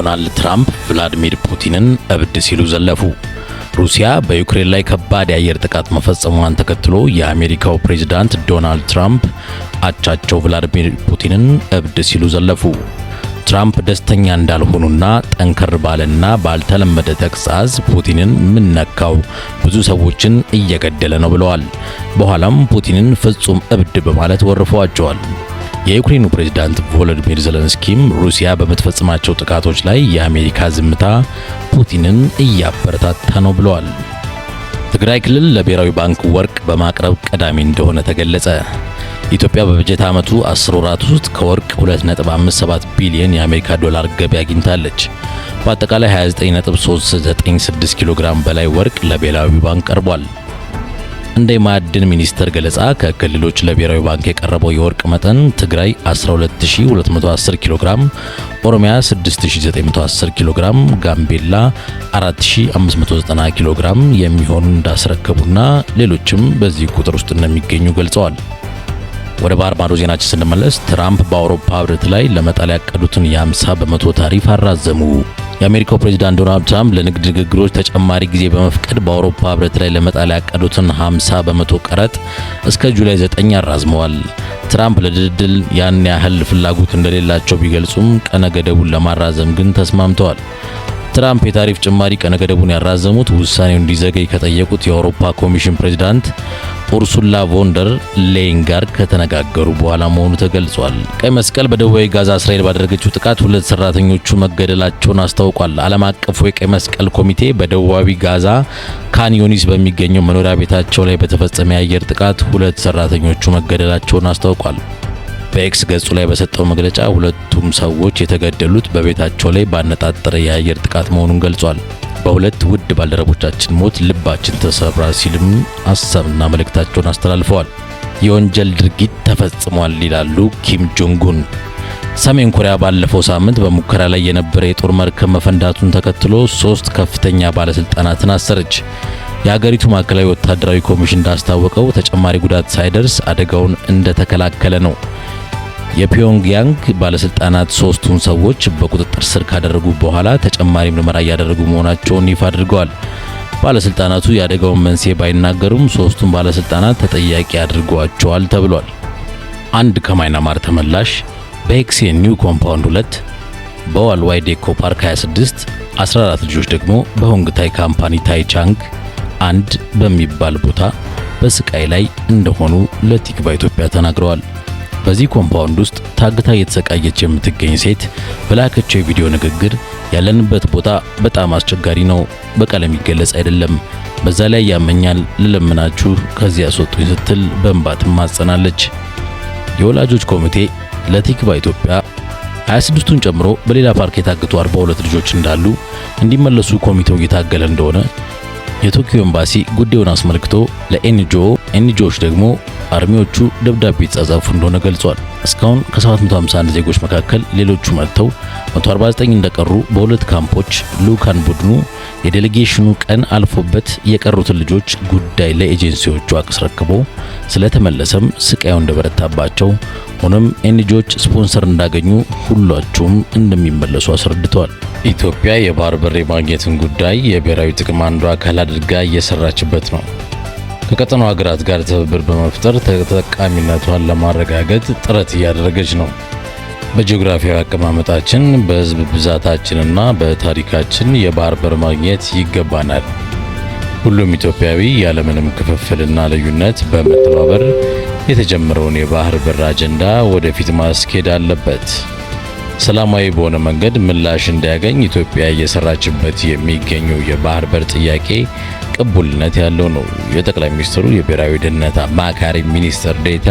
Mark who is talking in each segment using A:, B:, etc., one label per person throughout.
A: ዶናልድ ትራምፕ ቭላዲሚር ፑቲንን እብድ ሲሉ ዘለፉ። ሩሲያ በዩክሬን ላይ ከባድ የአየር ጥቃት መፈጸሟን ተከትሎ የአሜሪካው ፕሬዝዳንት ዶናልድ ትራምፕ አቻቸው ቭላዲሚር ፑቲንን እብድ ሲሉ ዘለፉ። ትራምፕ ደስተኛ እንዳልሆኑና ጠንከር ባለና ባልተለመደ ተግሳጽ ፑቲንን ምን ነካው ብዙ ሰዎችን እየገደለ ነው ብለዋል። በኋላም ፑቲንን ፍጹም እብድ በማለት ወርፈዋቸዋል። የዩክሬኑ ፕሬዝዳንት ቮሎዲሚር ዘለንስኪም ሩሲያ በምትፈጽማቸው ጥቃቶች ላይ የአሜሪካ ዝምታ ፑቲንን እያበረታታ ነው ብለዋል። ትግራይ ክልል ለብሔራዊ ባንክ ወርቅ በማቅረብ ቀዳሚ እንደሆነ ተገለጸ። ኢትዮጵያ በበጀት ዓመቱ 10 ወራት ውስጥ ከወርቅ 2.57 ቢሊዮን የአሜሪካ ዶላር ገቢ አግኝታለች። በአጠቃላይ 29.396 ኪሎ ግራም በላይ ወርቅ ለብሔራዊ ባንክ ቀርቧል። እንደ የማዕድን ሚኒስቴር ገለጻ ከክልሎች ለብሔራዊ ባንክ የቀረበው የወርቅ መጠን ትግራይ 12210 ኪሎ ግራም፣ ኦሮሚያ 6910 ኪሎ ግራም፣ ጋምቤላ 4590 ኪሎ ግራም የሚሆኑ እንዳስረከቡና ሌሎችም በዚህ ቁጥር ውስጥ እንደሚገኙ ገልጸዋል። ወደ ባህር ማዶ ዜናችን ስንመለስ ትራምፕ በአውሮፓ ህብረት ላይ ለመጣል ያቀዱትን የ50 በመቶ ታሪፍ አራዘሙ። የአሜሪካው ፕሬዚዳንት ዶናልድ ትራምፕ ለንግድ ንግግሮች ተጨማሪ ጊዜ በመፍቀድ በአውሮፓ ህብረት ላይ ለመጣል ያቀዱትን 50 በመቶ ቀረጥ እስከ ጁላይ 9 አራዝመዋል። ትራምፕ ለድልድል ያን ያህል ፍላጎት እንደሌላቸው ቢገልጹም ቀነ ገደቡን ለማራዘም ግን ተስማምተዋል። ትራምፕ የታሪፍ ጭማሪ ቀነ ገደቡን ያራዘሙት ውሳኔው እንዲዘገይ ከጠየቁት የአውሮፓ ኮሚሽን ፕሬዚዳንት ኡርሱላ ቮንደር ሌይን ጋር ከተነጋገሩ በኋላ መሆኑ ተገልጿል። ቀይ መስቀል በደቡባዊ ጋዛ እስራኤል ባደረገችው ጥቃት ሁለት ሰራተኞቹ መገደላቸውን አስታውቋል። ዓለም አቀፉ የቀይ መስቀል ኮሚቴ በደቡባዊ ጋዛ ካንዮኒስ በሚገኘው መኖሪያ ቤታቸው ላይ በተፈጸመ የአየር ጥቃት ሁለት ሰራተኞቹ መገደላቸውን አስታውቋል። በኤክስ ገጹ ላይ በሰጠው መግለጫ ሁለቱም ሰዎች የተገደሉት በቤታቸው ላይ ባነጣጠረ የአየር ጥቃት መሆኑን ገልጿል። በሁለት ውድ ባልደረቦቻችን ሞት ልባችን ተሰብራ ሲልም ሀሳብና መልእክታቸውን አስተላልፈዋል። የወንጀል ድርጊት ተፈጽሟል ይላሉ ኪም ጆንጉን። ሰሜን ኮሪያ ባለፈው ሳምንት በሙከራ ላይ የነበረ የጦር መርከብ መፈንዳቱን ተከትሎ ሶስት ከፍተኛ ባለስልጣናትን አሰረች። የሀገሪቱ ማዕከላዊ ወታደራዊ ኮሚሽን እንዳስታወቀው ተጨማሪ ጉዳት ሳይደርስ አደጋውን እንደተከላከለ ነው። የፒዮንግያንግ ባለስልጣናት ሶስቱን ሰዎች በቁጥጥር ስር ካደረጉ በኋላ ተጨማሪ ምርመራ እያደረጉ መሆናቸውን ይፋ አድርገዋል። ባለስልጣናቱ የአደጋውን መንስኤ ባይናገሩም ሶስቱን ባለስልጣናት ተጠያቂ አድርገዋቸዋል ተብሏል። አንድ ከማይናማር ተመላሽ በሄክሴ ኒው ኮምፓውንድ 2 በዋልዋይ ዴኮ ፓርክ 26 14 ልጆች ደግሞ በሆንግታይ ካምፓኒ ታይቻንግ አንድ በሚባል ቦታ በስቃይ ላይ እንደሆኑ ለቲክ ኢትዮጵያ ተናግረዋል። በዚህ ኮምፓውንድ ውስጥ ታግታ እየተሰቃየች የምትገኝ ሴት በላከችው የቪዲዮ ንግግር ያለንበት ቦታ በጣም አስቸጋሪ ነው፣ በቀለም ይገለጽ አይደለም፣ በዛ ላይ ያመኛል፣ ልለምናችሁ ከዚህ ያስወጡኝ ስትል በእንባት ማጸናለች። የወላጆች ኮሚቴ ለቲክቫህ ኢትዮጵያ 26ቱን ጨምሮ በሌላ ፓርክ የታገቱ 42 ልጆች እንዳሉ እንዲመለሱ ኮሚቴው እየታገለ እንደሆነ የቶኪዮ ኤምባሲ ጉዳዩን አስመልክቶ ለኤንጂኦ ኤንጂኦዎች ደግሞ አርሚዎቹ ደብዳቤ የተጻጻፉ እንደሆነ ገልጿል። እስካሁን ከ751 ዜጎች መካከል ሌሎቹ መጥተው 149 እንደቀሩ በሁለት ካምፖች ልዑካን ቡድኑ የዴሌጌሽኑ ቀን አልፎበት የቀሩትን ልጆች ጉዳይ ለኤጀንሲዎቹ አስረክቦ ስለተመለሰም ስቃዩ እንደበረታባቸው ሆኖም ኤንጂኦዎች ስፖንሰር እንዳገኙ ሁሏቸውም እንደሚመለሱ አስረድተዋል። ኢትዮጵያ የባህር በር የማግኘትን ጉዳይ የብሔራዊ ጥቅም አንዱ አካል አድርጋ እየሰራችበት ነው። ከቀጠናው ሀገራት ጋር ትብብር በመፍጠር ተጠቃሚነቷን ለማረጋገጥ ጥረት እያደረገች ነው። በጂኦግራፊያዊ አቀማመጣችን ብዛታችን ብዛታችንና በታሪካችን የባህር በር ማግኘት ይገባናል። ሁሉም ኢትዮጵያዊ ያለምንም ክፍፍልና ልዩነት በመተባበር የተጀመረውን የባህር በር አጀንዳ ወደፊት ማስኬድ አለበት። ሰላማዊ በሆነ መንገድ ምላሽ እንዲያገኝ ኢትዮጵያ እየሰራችበት የሚገኘው የባህር በር ጥያቄ ቅቡልነት ያለው ነው። የጠቅላይ ሚኒስትሩ የብሔራዊ ደህንነት አማካሪ ሚኒስትር ዴታ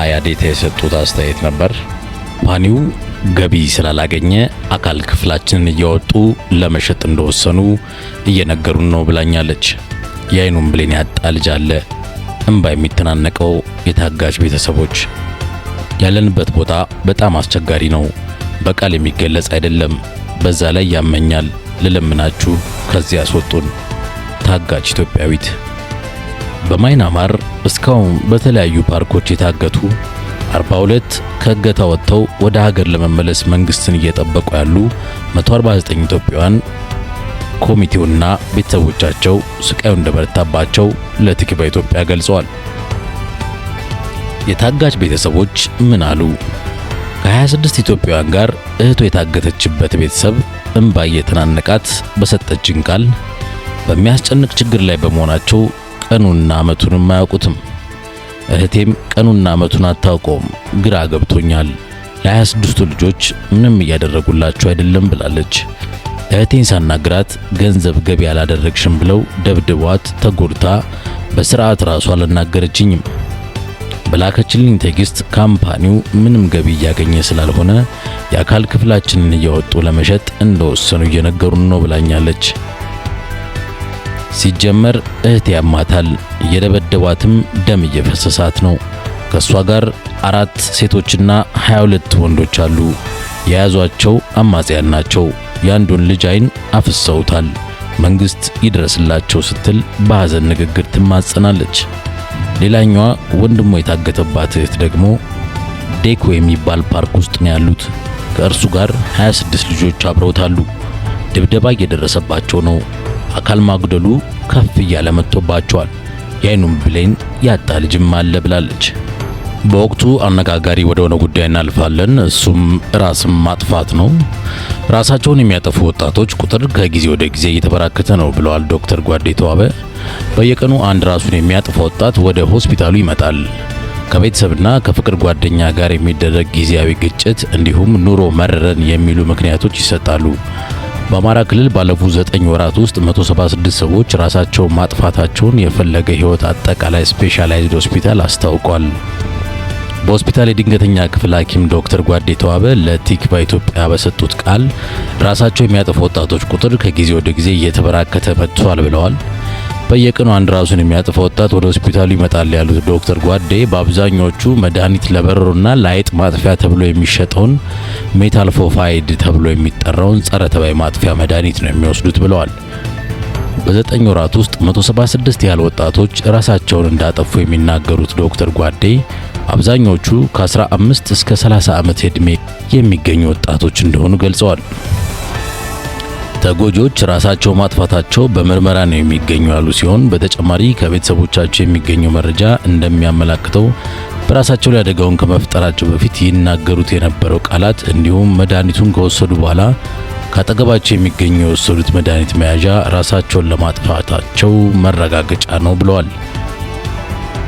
A: አያ ዴታ የሰጡት አስተያየት ነበር። ፓኒው ገቢ ስላላገኘ አካል ክፍላችንን እያወጡ ለመሸጥ እንደወሰኑ እየነገሩን ነው ብላኛለች። የአይኑን ብሌን ያጣ ልጅ አለ። እንባ የሚተናነቀው የታጋች ቤተሰቦች ያለንበት ቦታ በጣም አስቸጋሪ ነው። በቃል የሚገለጽ አይደለም። በዛ ላይ ያመኛል። ልለምናችሁ ከዚህ ያስወጡን። ታጋች ኢትዮጵያዊት በማይናማር እስካሁን በተለያዩ ፓርኮች የታገቱ 42 ከእገታ ወጥተው ወደ ሀገር ለመመለስ መንግስትን እየጠበቁ ያሉ 149 ኢትዮጵያውያን ኮሚቴውና ቤተሰቦቻቸው ስቃዩ እንደበረታባቸው ለቲክቫህ ኢትዮጵያ ገልጸዋል። የታጋች ቤተሰቦች ምን አሉ? ከ26 ኢትዮጵያውያን ጋር እህቱ የታገተችበት ቤተሰብ እንባ እየተናነቃት በሰጠችን ቃል በሚያስጨንቅ ችግር ላይ በመሆናቸው ቀኑና ዓመቱንም አያውቁትም። እህቴም ቀኑና ዓመቱን አታውቀውም። ግራ ገብቶኛል። ለ26ቱ ልጆች ምንም እያደረጉላቸው አይደለም ብላለች። እህቴን ሳናግራት ገንዘብ ገቢ አላደረግሽም ብለው ደብድቧት ተጎድታ በስርዓት ራሷ አልናገረችኝም። በላከችልኝ ቴክስት ካምፓኒው ምንም ገቢ እያገኘ ስላልሆነ የአካል ክፍላችንን እያወጡ ለመሸጥ እንደወሰኑ እየነገሩን ነው ብላኛለች። ሲጀመር እህት ያማታል፣ እየደበደቧትም ደም እየፈሰሳት ነው። ከእሷ ጋር አራት ሴቶችና 22 ወንዶች አሉ። የያዟቸው አማጽያን ናቸው። የአንዱን ልጅ አይን አፍሰውታል። መንግሥት ይድረስላቸው ስትል በሐዘን ንግግር ትማጸናለች። ሌላኛዋ ወንድሟ የታገተባት እህት ደግሞ ዴኮ የሚባል ፓርክ ውስጥ ነው ያሉት። ከእርሱ ጋር 26 ልጆች አብረውታሉ። ድብደባ እየደረሰባቸው ነው። አካል ማጉደሉ ከፍ እያለ መጥቶባቸዋል። የአይኑም ብሌን ያጣ ልጅም አለ ብላለች። በወቅቱ አነጋጋሪ ወደ ሆነ ጉዳይ እናልፋለን። እሱም ራስን ማጥፋት ነው። ራሳቸውን የሚያጠፉ ወጣቶች ቁጥር ከጊዜ ወደ ጊዜ እየተበራከተ ነው ብለዋል ዶክተር ጓዴ ተዋበ። በየቀኑ አንድ ራሱን የሚያጠፋ ወጣት ወደ ሆስፒታሉ ይመጣል። ከቤተሰብና ከፍቅር ጓደኛ ጋር የሚደረግ ጊዜያዊ ግጭት እንዲሁም ኑሮ መረረን የሚሉ ምክንያቶች ይሰጣሉ። በአማራ ክልል ባለፉት ዘጠኝ ወራት ውስጥ 176 ሰዎች ራሳቸውን ማጥፋታቸውን የፈለገ ሕይወት አጠቃላይ ስፔሻላይዝድ ሆስፒታል አስታውቋል። በሆስፒታል የድንገተኛ ክፍል ሐኪም ዶክተር ጓዴ ተዋበ ለቲክ በኢትዮጵያ በሰጡት ቃል ራሳቸው የሚያጠፉ ወጣቶች ቁጥር ከጊዜ ወደ ጊዜ እየተበራከተ መጥቷል ብለዋል። በየቀኑ አንድ ራሱን የሚያጠፋ ወጣት ወደ ሆስፒታሉ ይመጣል ያሉት ዶክተር ጓዴ በአብዛኞቹ መድኃኒት ለበረሮና ለአይጥ ማጥፊያ ተብሎ የሚሸጠውን ሜታልፎፋይድ ተብሎ የሚጠራውን ጸረ ተባይ ማጥፊያ መድኃኒት ነው የሚወስዱት ብለዋል። በዘጠኝ ወራት ውስጥ 176 ያህል ወጣቶች ራሳቸውን እንዳጠፉ የሚናገሩት ዶክተር ጓዴ አብዛኞቹ ከ15 እስከ 30 ዓመት ዕድሜ የሚገኙ ወጣቶች እንደሆኑ ገልጸዋል። ተጎጂዎች ራሳቸው ማጥፋታቸው በምርመራ ነው የሚገኙ ያሉ ሲሆን በተጨማሪ ከቤተሰቦቻቸው የሚገኘው መረጃ እንደሚያመላክተው በራሳቸው ላይ አደጋውን ከመፍጠራቸው በፊት ይናገሩት የነበረው ቃላት እንዲሁም መድኃኒቱን ከወሰዱ በኋላ ከአጠገባቸው የሚገኙ የወሰዱት መድኃኒት መያዣ ራሳቸውን ለማጥፋታቸው መረጋገጫ ነው ብለዋል።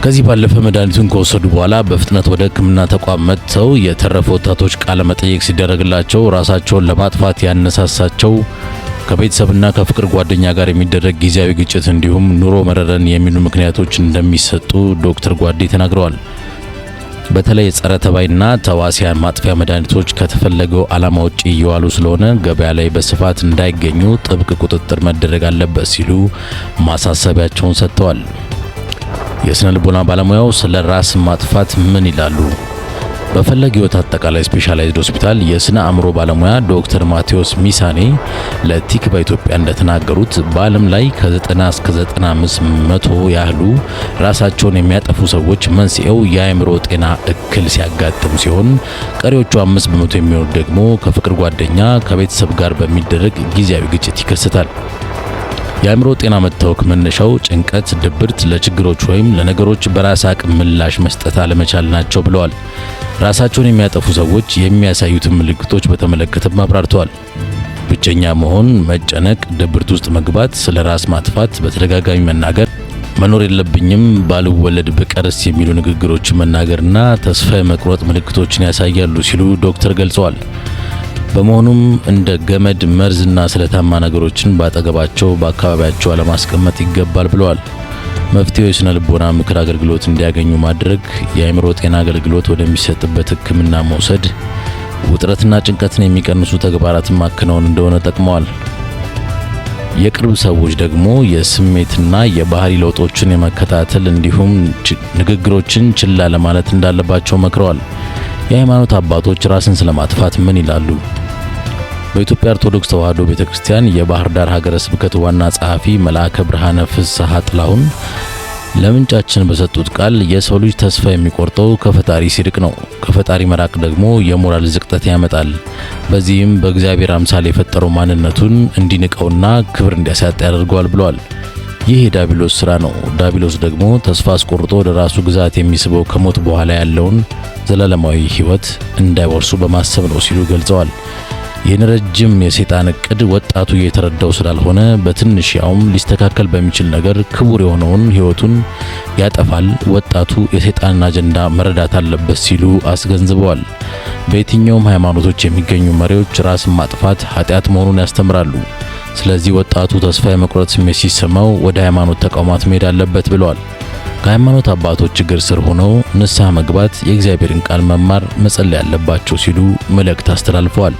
A: ከዚህ ባለፈ መድኃኒቱን ከወሰዱ በኋላ በፍጥነት ወደ ሕክምና ተቋም መጥተው የተረፉ ወጣቶች ቃለ መጠየቅ ሲደረግላቸው ራሳቸውን ለማጥፋት ያነሳሳቸው ከቤተሰብና ከፍቅር ጓደኛ ጋር የሚደረግ ጊዜያዊ ግጭት እንዲሁም ኑሮ መረረን የሚሉ ምክንያቶች እንደሚሰጡ ዶክተር ጓዴ ተናግረዋል። በተለይ ጸረ ተባይና ተዋሲያን ማጥፊያ መድኃኒቶች ከተፈለገው ዓላማ ውጭ እየዋሉ ስለሆነ ገበያ ላይ በስፋት እንዳይገኙ ጥብቅ ቁጥጥር መደረግ አለበት ሲሉ ማሳሰቢያቸውን ሰጥተዋል። የስነ ልቦና ባለሙያው ስለ ራስ ማጥፋት ምን ይላሉ? በፈለግ ህይወት አጠቃላይ ስፔሻላይዝድ ሆስፒታል የስነ አእምሮ ባለሙያ ዶክተር ማቴዎስ ሚሳኔ ለቲክ በኢትዮጵያ እንደተናገሩት በዓለም ላይ ከ90 እስከ 95 መቶ ያህሉ ራሳቸውን የሚያጠፉ ሰዎች መንስኤው የአእምሮ ጤና እክል ሲያጋጥም ሲሆን ቀሪዎቹ አምስት በመቶ የሚሆኑ ደግሞ ከፍቅር ጓደኛ፣ ከቤተሰብ ጋር በሚደረግ ጊዜያዊ ግጭት ይከሰታል። የአእምሮ ጤና መታወክ መነሻው ጭንቀት፣ ድብርት፣ ለችግሮች ወይም ለነገሮች በራስ አቅም ምላሽ መስጠት አለመቻል ናቸው ብለዋል። ራሳቸውን የሚያጠፉ ሰዎች የሚያሳዩትን ምልክቶች በተመለከተም አብራርተዋል። ብቸኛ መሆን፣ መጨነቅ፣ ድብርት ውስጥ መግባት፣ ስለ ራስ ማጥፋት፣ በተደጋጋሚ መናገር፣ መኖር የለብኝም ባልወለድ ብቀርስ የሚሉ ንግግሮችን መናገርና ተስፋ የመቁረጥ ምልክቶችን ያሳያሉ ሲሉ ዶክተር ገልጸዋል። በመሆኑም እንደ ገመድ መርዝና ስለታማ ነገሮችን በአጠገባቸው በአካባቢያቸው አለማስቀመጥ ይገባል ብለዋል። መፍትሄው የስነ ልቦና ምክር አገልግሎት እንዲያገኙ ማድረግ፣ የአእምሮ ጤና አገልግሎት ወደሚሰጥበት ሕክምና መውሰድ፣ ውጥረትና ጭንቀትን የሚቀንሱ ተግባራትን ማከናወን እንደሆነ ጠቅመዋል። የቅርብ ሰዎች ደግሞ የስሜትና የባህሪ ለውጦችን የመከታተል እንዲሁም ንግግሮችን ችላ ለማለት እንዳለባቸው መክረዋል። የሃይማኖት አባቶች ራስን ስለማጥፋት ምን ይላሉ? በኢትዮጵያ ኦርቶዶክስ ተዋሕዶ ቤተክርስቲያን የባህር ዳር ሀገረ ስብከት ዋና ጸሐፊ መልአከ ብርሃነ ፍስሐ ጥላሁን ለምንጫችን በሰጡት ቃል የሰው ልጅ ተስፋ የሚቆርጠው ከፈጣሪ ሲርቅ ነው። ከፈጣሪ መራቅ ደግሞ የሞራል ዝቅጠት ያመጣል። በዚህም በእግዚአብሔር አምሳል የፈጠረው ማንነቱን እንዲንቀውና ክብር እንዲያሳጥ ያደርገዋል ብለዋል። ይህ የዳቢሎስ ስራ ነው። ዳቢሎስ ደግሞ ተስፋ አስቆርጦ ወደ ራሱ ግዛት የሚስበው ከሞት በኋላ ያለውን ዘላለማዊ ሕይወት እንዳይወርሱ በማሰብ ነው ሲሉ ገልጸዋል። ይህን ረጅም የሴጣን እቅድ ወጣቱ የተረዳው ስላልሆነ በትንሽ ያውም ሊስተካከል በሚችል ነገር ክቡር የሆነውን ሕይወቱን ያጠፋል። ወጣቱ የሴጣንን አጀንዳ መረዳት አለበት ሲሉ አስገንዝበዋል። በየትኛውም ሃይማኖቶች የሚገኙ መሪዎች ራስን ማጥፋት ኃጢአት መሆኑን ያስተምራሉ። ስለዚህ ወጣቱ ተስፋ የመቁረጥ ስሜት ሲሰማው ወደ ሃይማኖት ተቋማት መሄድ አለበት ብለዋል። ከሃይማኖት አባቶች እግር ስር ሆነው ንስሐ መግባት፣ የእግዚአብሔርን ቃል መማር፣ መጸለይ ያለባቸው ሲሉ መልእክት አስተላልፈዋል።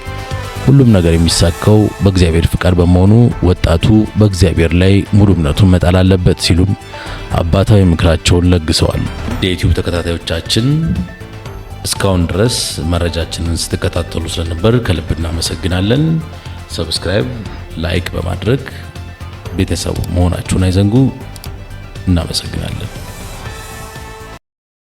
A: ሁሉም ነገር የሚሳካው በእግዚአብሔር ፍቃድ በመሆኑ ወጣቱ በእግዚአብሔር ላይ ሙሉ እምነቱን መጣል አለበት ሲሉም አባታዊ ምክራቸውን ለግሰዋል። የዩቲዩብ ተከታታዮቻችን እስካሁን ድረስ መረጃችንን ስትከታተሉ ስለነበር ከልብ እናመሰግናለን። ሰብስክራይብ፣ ላይክ በማድረግ ቤተሰቡ መሆናችሁን አይዘንጉ። እናመሰግናለን።